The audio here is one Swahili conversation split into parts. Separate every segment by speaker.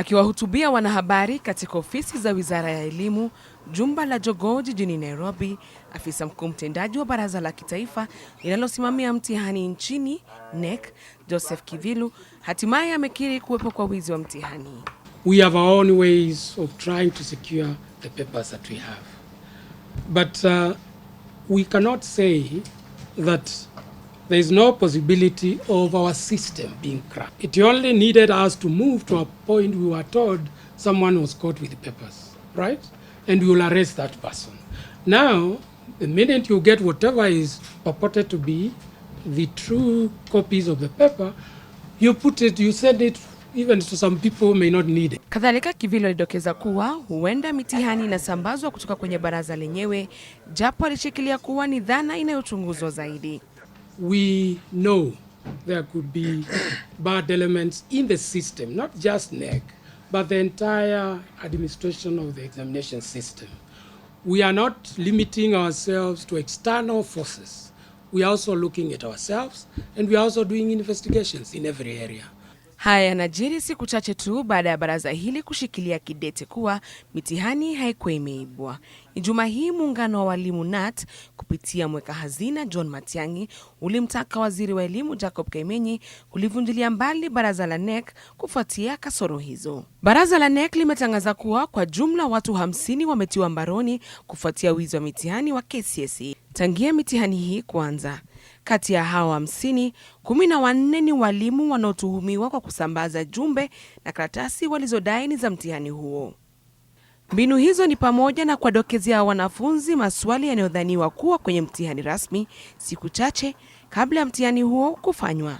Speaker 1: Akiwahutubia wanahabari katika ofisi za Wizara ya Elimu, jumba la Jogoo jijini Nairobi, afisa mkuu mtendaji wa Baraza la Kitaifa linalosimamia mtihani nchini NEC, Joseph Kivilu, hatimaye amekiri kuwepo kwa wizi wa mtihani.
Speaker 2: We have our own ways of trying to secure the papers that we have. But uh, we cannot say that there is no possibility of our system being cracked. It only needed us to move to a point we were told someone was caught with papers, right? And we will arrest that person. Now, the minute you get whatever is purported to be the true copies of the paper, you put it, you send it even to some people may not need it.
Speaker 1: Kadhalika, Kivilo alidokeza kuwa huenda mitihani inasambazwa kutoka kwenye baraza lenyewe, japo alishikilia kuwa ni dhana inayochunguzwa zaidi.
Speaker 2: we know there could be bad elements in the system, not just NEC, but the entire administration of the examination system. We are not limiting ourselves to external forces. We are also looking at ourselves, and we are also doing investigations in every area.
Speaker 1: Haya yanajiri siku chache tu baada ya baraza hili kushikilia kidete kuwa mitihani haikuwa imeibwa. Ijumaa hii muungano wa walimu nat kupitia mweka hazina John Matiang'i ulimtaka waziri wa elimu Jacob Kaimenyi kulivunjilia mbali baraza la nek kufuatia kasoro hizo. Baraza la nek limetangaza kuwa kwa jumla watu hamsini wametiwa mbaroni kufuatia wizi wa mitihani wa KCSE tangia mitihani hii kuanza. Kati ya hao hamsini, kumi na wanne ni walimu wanaotuhumiwa kwa kusambaza jumbe na karatasi walizodai ni za mtihani huo. Mbinu hizo ni pamoja na kuwadokezea wanafunzi maswali yanayodhaniwa kuwa kwenye mtihani rasmi siku chache kabla ya mtihani huo kufanywa.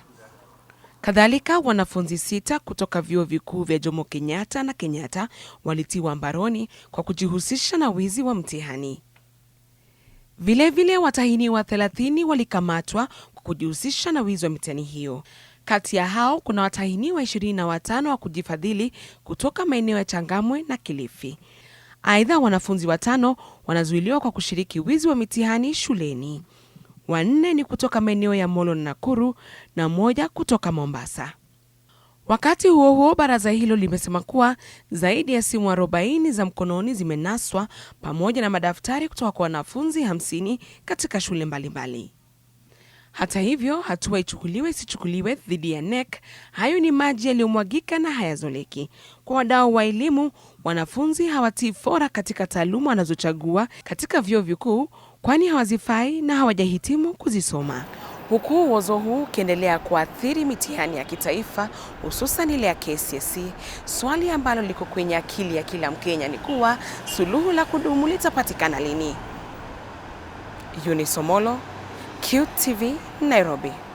Speaker 1: Kadhalika, wanafunzi sita kutoka vyuo vikuu vya Jomo Kenyatta na Kenyatta walitiwa mbaroni kwa kujihusisha na wizi wa mtihani. Vilevile watahiniwa 30 walikamatwa kwa kujihusisha na wizi wa mitihani hiyo. Kati ya hao kuna watahiniwa 25 wa kujifadhili kutoka maeneo ya Changamwe na Kilifi. Aidha, wanafunzi watano wanazuiliwa kwa kushiriki wizi wa mitihani shuleni, wanne ni kutoka maeneo ya Molo na Nakuru na mmoja kutoka Mombasa. Wakati huo huo, baraza hilo limesema kuwa zaidi ya simu 40 za mkononi zimenaswa pamoja na madaftari kutoka kwa wanafunzi 50 katika shule mbalimbali mbali. Hata hivyo, hatua ichukuliwe isichukuliwe dhidi ya NEC, hayo ni maji yaliyomwagika na hayazoleki. Kwa wadau wa elimu, wanafunzi hawatii fora katika taaluma wanazochagua katika vyuo vikuu, kwani hawazifai na hawajahitimu kuzisoma. Huku uozo huu ukiendelea kuathiri mitihani ya kitaifa hususan ile ya KCSE, swali ambalo liko kwenye akili ya kila Mkenya ni kuwa suluhu la kudumu litapatikana lini? Eunice QTV, Nairobi.